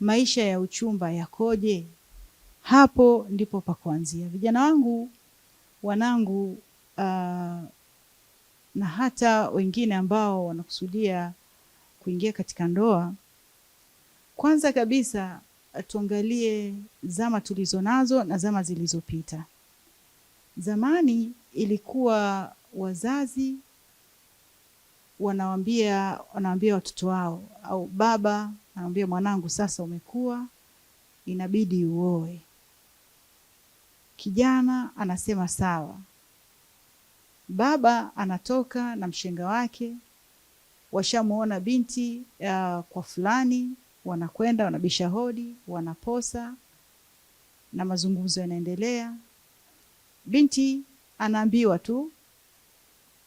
maisha ya uchumba yakoje? Hapo ndipo pa kuanzia. Vijana wangu, wanangu, uh, na hata wengine ambao wanakusudia kuingia katika ndoa, kwanza kabisa tuangalie zama tulizo nazo na zama zilizopita. Zamani ilikuwa wazazi wanawambia wanawambia watoto wao au baba Anamwambia, mwanangu, sasa umekuwa, inabidi uoe. Kijana anasema sawa. Baba anatoka na mshenga wake, washamwona binti uh, kwa fulani, wanakwenda wanabisha hodi, wanaposa na mazungumzo yanaendelea. Binti anaambiwa tu,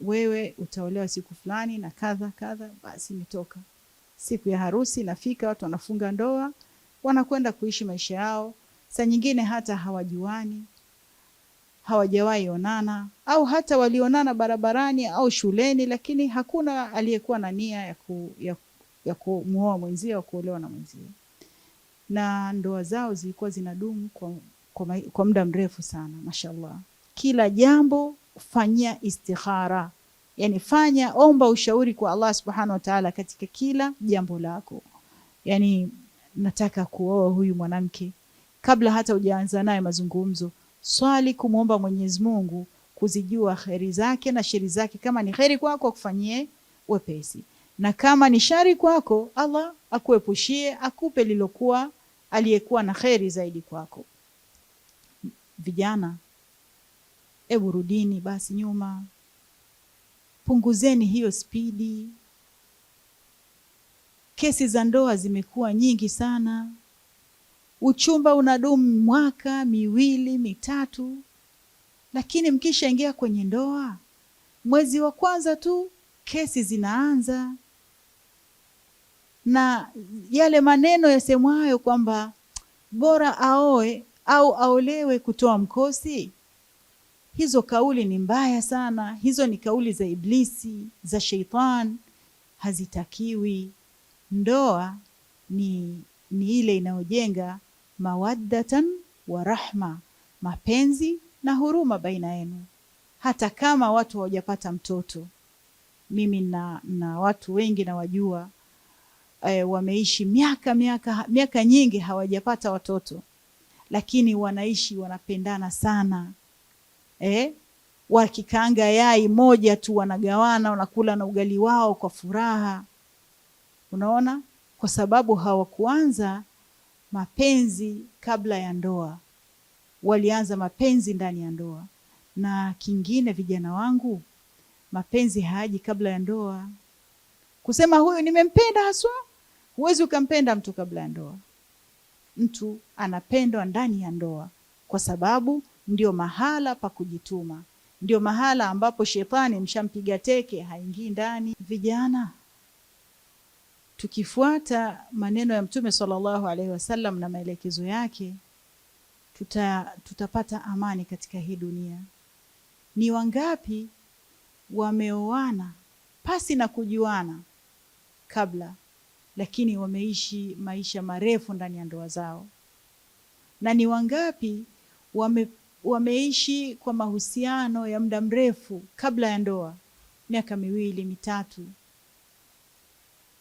wewe utaolewa siku fulani na kadha kadha, basi imetoka siku ya harusi inafika, watu wanafunga ndoa, wanakwenda kuishi maisha yao. Saa nyingine hata hawajuani, hawajawahi onana, au hata walionana barabarani au shuleni, lakini hakuna aliyekuwa na nia ya, ku, ya, ya kumuoa mwenzie au kuolewa na mwenzie, na ndoa zao zilikuwa zinadumu kwa, kwa, kwa muda mrefu sana. Mashallah, kila jambo fanyia istikhara Yani fanya omba ushauri kwa Allah subhanahu wa taala katika kila jambo lako. Yani nataka kuoa huyu mwanamke, kabla hata hujaanza naye mazungumzo, swali kumwomba Mwenyezi Mungu kuzijua kheri zake na sheri zake. Kama ni kheri kwako akufanyie wepesi, na kama ni shari kwako Allah akuepushie, akupe lilokuwa aliyekuwa na kheri zaidi kwako. Vijana, eburudini basi nyuma punguzeni hiyo spidi. Kesi za ndoa zimekuwa nyingi sana, uchumba unadumu mwaka miwili mitatu, lakini mkishaingia kwenye ndoa, mwezi wa kwanza tu kesi zinaanza na yale maneno yasemwayo kwamba bora aoe au aolewe kutoa mkosi Hizo kauli ni mbaya sana, hizo ni kauli za Iblisi, za sheitan hazitakiwi. Ndoa ni, ni ile inayojenga mawaddatan wa rahma, mapenzi na huruma baina yenu, hata kama watu hawajapata mtoto. Mimi na, na watu wengi nawajua e, wameishi miaka miaka miaka nyingi hawajapata watoto, lakini wanaishi wanapendana sana eh, wakikaanga yai moja tu wanagawana, wanakula na ugali wao kwa furaha. Unaona, kwa sababu hawakuanza mapenzi kabla ya ndoa, walianza mapenzi ndani ya ndoa. Na kingine, vijana wangu, mapenzi hayaji kabla ya ndoa. Kusema huyu nimempenda haswa, huwezi ukampenda mtu kabla ya ndoa. Mtu anapendwa ndani ya ndoa kwa sababu ndio mahala pa kujituma, ndio mahala ambapo shetani mshampiga teke, haingii ndani. Vijana, tukifuata maneno ya Mtume sallallahu alaihi wasallam na maelekezo yake tuta, tutapata amani katika hii dunia. Ni wangapi wameoana pasi na kujuana kabla, lakini wameishi maisha marefu ndani ya ndoa zao, na ni wangapi wame wameishi kwa mahusiano ya muda mrefu kabla ya ndoa, miaka miwili mitatu.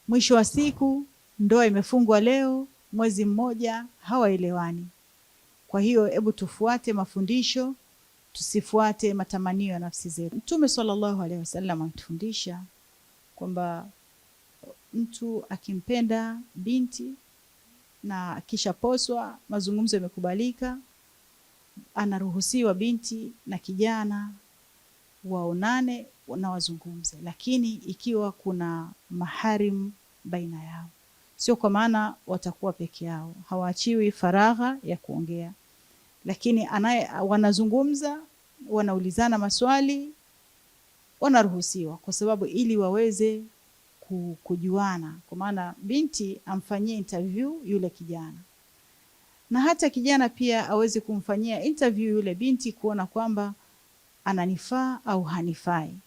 Mwisho wa siku ndoa imefungwa leo, mwezi mmoja, hawaelewani. Kwa hiyo hebu tufuate mafundisho, tusifuate matamanio ya nafsi zetu. Mtume sallallahu alaihi wasallam ametufundisha kwamba mtu akimpenda binti na akishaposwa mazungumzo yamekubalika anaruhusiwa binti na kijana waonane na wazungumze, lakini ikiwa kuna maharim baina yao, sio kwa maana watakuwa peke yao, hawaachiwi faragha ya kuongea, lakini anaye, wanazungumza, wanaulizana maswali, wanaruhusiwa kwa sababu ili waweze kujuana, kwa maana binti amfanyie interview yule kijana na hata kijana pia aweze kumfanyia interview yule binti kuona kwamba ananifaa au hanifai.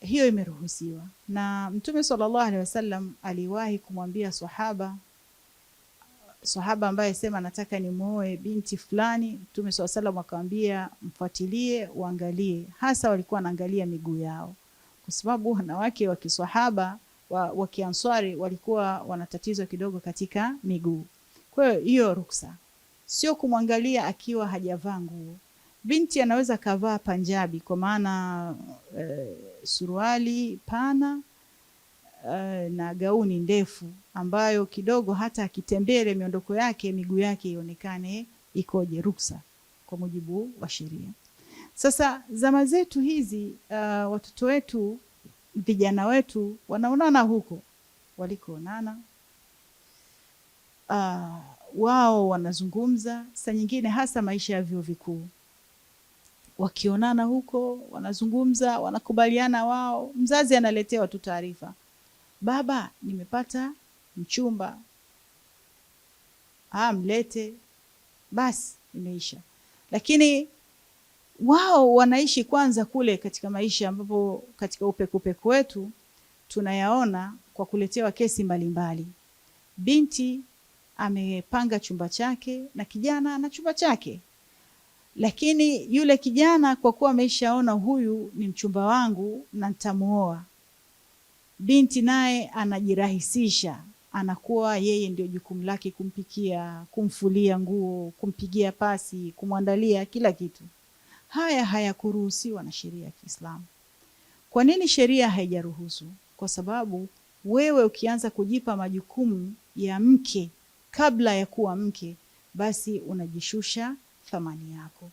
Hiyo imeruhusiwa na Mtume sallallahu alaihi wasallam aliwahi kumwambia sahaba sahaba ambaye sema nataka nimwoe binti fulani. Mtume swalla salam akamwambia mfuatilie, uangalie. Hasa walikuwa wanaangalia miguu yao, kwa sababu wanawake wa kiswahaba wa kianswari walikuwa wana tatizo kidogo katika miguu. Kwa hiyo hiyo ruksa sio kumwangalia akiwa hajavaa nguo. Binti anaweza kavaa panjabi kwa maana e, suruali pana e, na gauni ndefu ambayo kidogo hata akitembele miondoko yake miguu yake ionekane ikoje, ruksa kwa mujibu wa sheria. Sasa zama zetu hizi uh, watoto wetu vijana wetu wanaonana huko walikoonana uh, wao wanazungumza saa nyingine, hasa maisha ya vyuo vikuu, wakionana huko wanazungumza, wanakubaliana wao. Mzazi analetewa tu taarifa, baba, nimepata mchumba, ah, mlete basi, imeisha. Lakini wao wanaishi kwanza kule katika maisha, ambapo katika upekupeku wetu tunayaona kwa kuletewa kesi mbalimbali mbali. Binti amepanga chumba chake na kijana ana chumba chake, lakini yule kijana kwa kuwa ameshaona huyu ni mchumba wangu na nitamuoa, binti naye anajirahisisha, anakuwa yeye ndio jukumu lake kumpikia, kumfulia nguo, kumpigia pasi, kumwandalia kila kitu. Haya hayakuruhusiwa na sheria ya Kiislamu. Kwa nini sheria haijaruhusu? Kwa sababu wewe ukianza kujipa majukumu ya mke kabla ya kuwa mke, basi unajishusha thamani yako.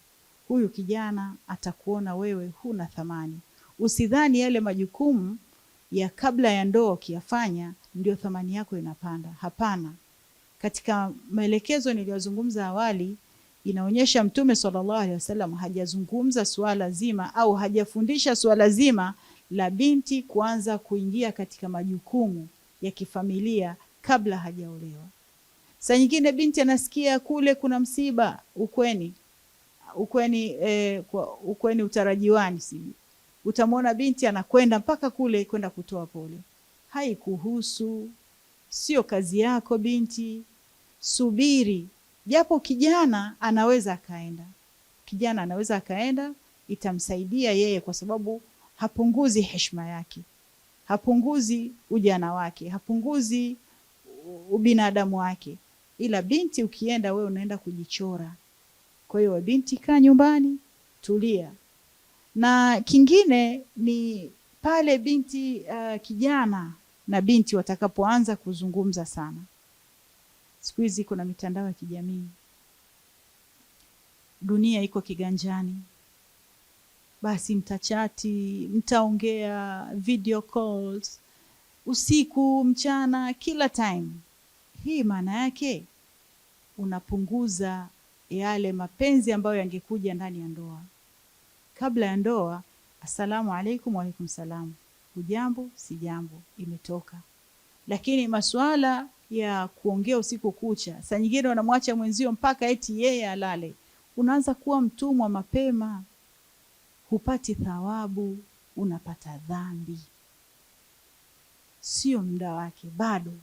Huyu kijana atakuona wewe huna thamani. Usidhani yale majukumu ya kabla ya ndoa ukiyafanya ndio thamani yako inapanda. Hapana. Katika maelekezo niliyozungumza awali, inaonyesha Mtume sallallahu alaihi wasallam hajazungumza suala zima au hajafundisha suala zima la binti kuanza kuingia katika majukumu ya kifamilia kabla hajaolewa. Saa nyingine binti anasikia kule kuna msiba ukweni ukweni eh, kwa ukweni utarajiwani, sijui utamwona binti anakwenda mpaka kule kwenda kutoa pole. Haikuhusu, sio kazi yako binti, subiri. Japo kijana anaweza akaenda, kijana anaweza akaenda, itamsaidia yeye, kwa sababu hapunguzi heshima yake, hapunguzi ujana wake, hapunguzi ubinadamu wake ila binti ukienda we unaenda kujichora. Kwa hiyo binti, kaa nyumbani, tulia. Na kingine ni pale binti uh, kijana na binti watakapoanza kuzungumza sana. Siku hizi kuna mitandao ya kijamii, dunia iko kiganjani, basi mtachati, mtaongea video calls usiku, mchana, kila time hii maana yake unapunguza yale mapenzi ambayo yangekuja ndani ya ndoa. Kabla ya ndoa, assalamu alaikum, waalaikum salam, ujambo si jambo, imetoka. Lakini masuala ya kuongea usiku kucha, saa nyingine wanamwacha mwenzio mpaka eti yeye alale. Unaanza kuwa mtumwa mapema, hupati thawabu, unapata dhambi. Sio muda wake bado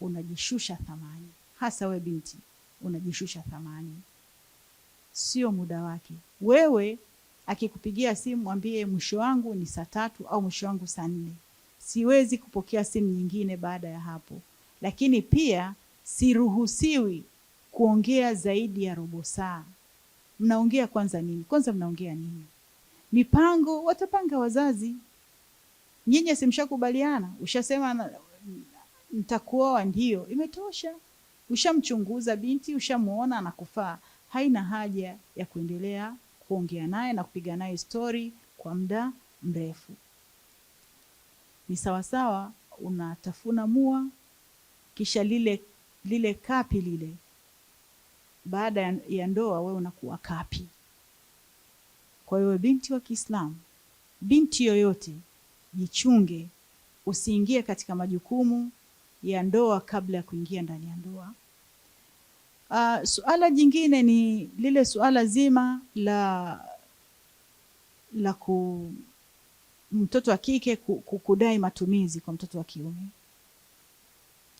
unajishusha thamani, hasa we binti unajishusha thamani, sio muda wake. Wewe akikupigia simu mwambie mwisho wangu ni saa tatu au mwisho wangu saa nne, siwezi kupokea simu nyingine baada ya hapo. Lakini pia siruhusiwi kuongea zaidi ya robo saa. Mnaongea kwanza nini? Kwanza mnaongea nini? Mipango watapanga wazazi. Nyinyi simshakubaliana ushasema mtakuoa ndio, imetosha. Ushamchunguza binti, ushamuona anakufaa, haina haja ya kuendelea kuongea naye na kupiga naye stori kwa muda mrefu. Ni sawasawa unatafuna mua, kisha lile lile kapi lile, baada ya ndoa wewe unakuwa kapi. Kwa hiyo binti wa Kiislamu, binti yoyote, jichunge, usiingie katika majukumu ya ndoa kabla ya kuingia ndani ya ndoa. Uh, suala jingine ni lile suala zima la la ku mtoto wa kike kudai matumizi kwa mtoto wa kiume.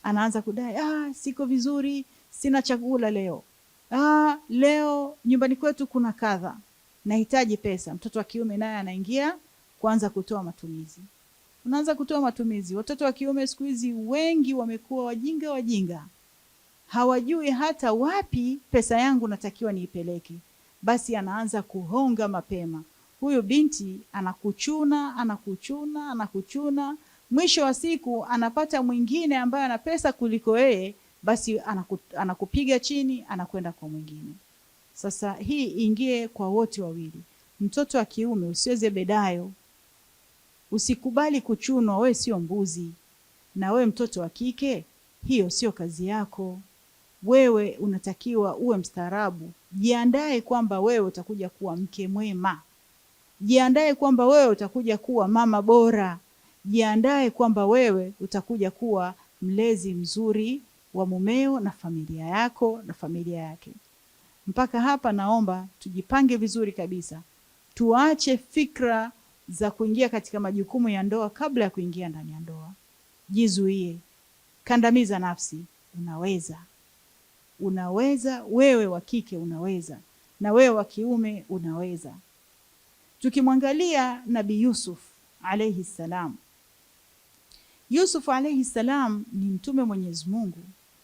Anaanza kudai ah, siko vizuri, sina chakula leo, ah, leo nyumbani kwetu kuna kadha, nahitaji pesa. Mtoto wa kiume naye anaingia kuanza kutoa matumizi unaanza kutoa matumizi. Watoto wa kiume siku hizi wengi wamekuwa wajinga wajinga, hawajui hata wapi pesa yangu natakiwa niipeleke. Basi anaanza kuhonga mapema. Huyu binti anakuchuna anakuchuna anakuchuna, mwisho wa siku anapata mwingine ambaye ana pesa kuliko yeye, basi anaku, anakupiga chini, anakwenda kwa mwingine. Sasa hii ingie kwa wote wawili, mtoto wa kiume usiweze bedayo Usikubali kuchunwa, we sio mbuzi. Na we mtoto wa kike, hiyo sio kazi yako. Wewe unatakiwa uwe mstaarabu. Jiandae kwamba wewe utakuja kuwa mke mwema, jiandae kwamba wewe utakuja kuwa mama bora, jiandae kwamba wewe utakuja kuwa mlezi mzuri wa mumeo na familia yako na familia yake. Mpaka hapa, naomba tujipange vizuri kabisa, tuache fikra za kuingia katika majukumu ya ndoa kabla ya kuingia ndani ya ndoa. Jizuie, kandamiza nafsi. Unaweza, unaweza wewe wa kike, unaweza na wewe wa kiume unaweza. Tukimwangalia Nabii Yusuf alaihi salam, Yusuf alaihi salam ni mtume Mwenyezi Mungu,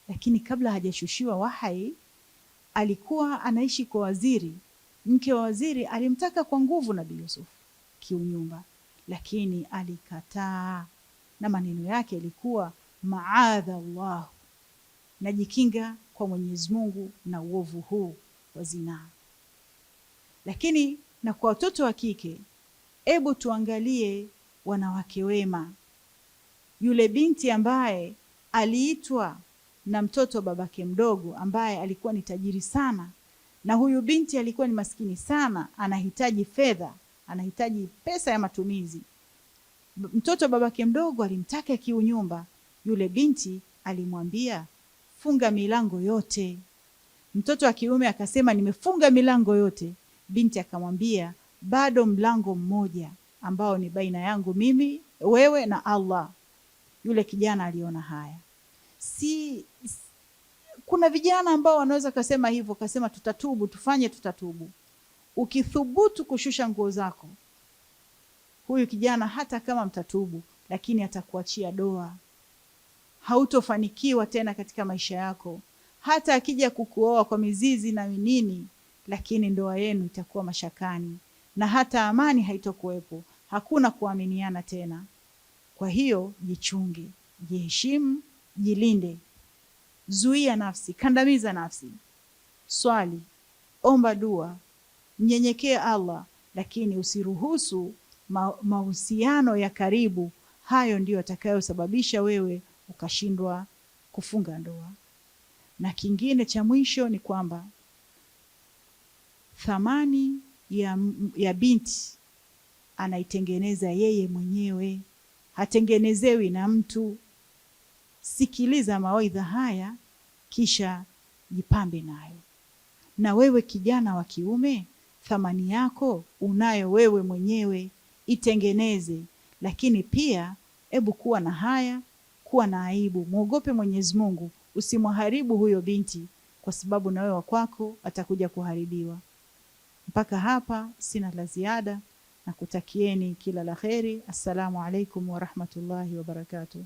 lakini kabla hajashushiwa wahai alikuwa anaishi kwa waziri. Mke wa waziri alimtaka kwa nguvu Nabii Yusuf kiunyumba, lakini alikataa, na maneno yake yalikuwa maadha Allah, najikinga kwa Mwenyezi Mungu na uovu huu wa zinaa. Lakini na kwa watoto wa kike, hebu tuangalie wanawake wema, yule binti ambaye aliitwa na mtoto wa babake mdogo ambaye alikuwa ni tajiri sana, na huyu binti alikuwa ni maskini sana, anahitaji fedha anahitaji pesa ya matumizi. Mtoto babake mdogo alimtaka kiu nyumba yule binti alimwambia funga milango yote. Mtoto wa kiume akasema nimefunga milango yote. Binti akamwambia bado mlango mmoja ambao ni baina yangu mimi wewe na Allah. Yule kijana aliona haya. Si, si kuna vijana ambao wanaweza kasema hivyo, kasema tutatubu, tufanye tutatubu ukithubutu kushusha nguo zako, huyu kijana hata kama mtatubu, lakini atakuachia doa. Hautofanikiwa tena katika maisha yako, hata akija kukuoa kwa mizizi na minini, lakini ndoa yenu itakuwa mashakani na hata amani haitokuwepo. Hakuna kuaminiana tena. Kwa hiyo jichunge, jiheshimu, jilinde, zuia nafsi, kandamiza nafsi, swali, omba dua, mnyenyekee Allah, lakini usiruhusu mahusiano ya karibu. Hayo ndiyo yatakayosababisha wewe ukashindwa kufunga ndoa. Na kingine cha mwisho ni kwamba thamani ya, ya binti anaitengeneza yeye mwenyewe, hatengenezewi na mtu. Sikiliza mawaidha haya kisha jipambe nayo. Na wewe kijana wa kiume Thamani yako unayo wewe mwenyewe, itengeneze. Lakini pia hebu kuwa na haya, kuwa na aibu, mwogope Mwenyezi Mungu, usimharibu huyo binti, kwa sababu na wewe wakwako atakuja kuharibiwa. Mpaka hapa sina la ziada, na kutakieni kila la kheri. Assalamu alaikum warahmatullahi wabarakatuh.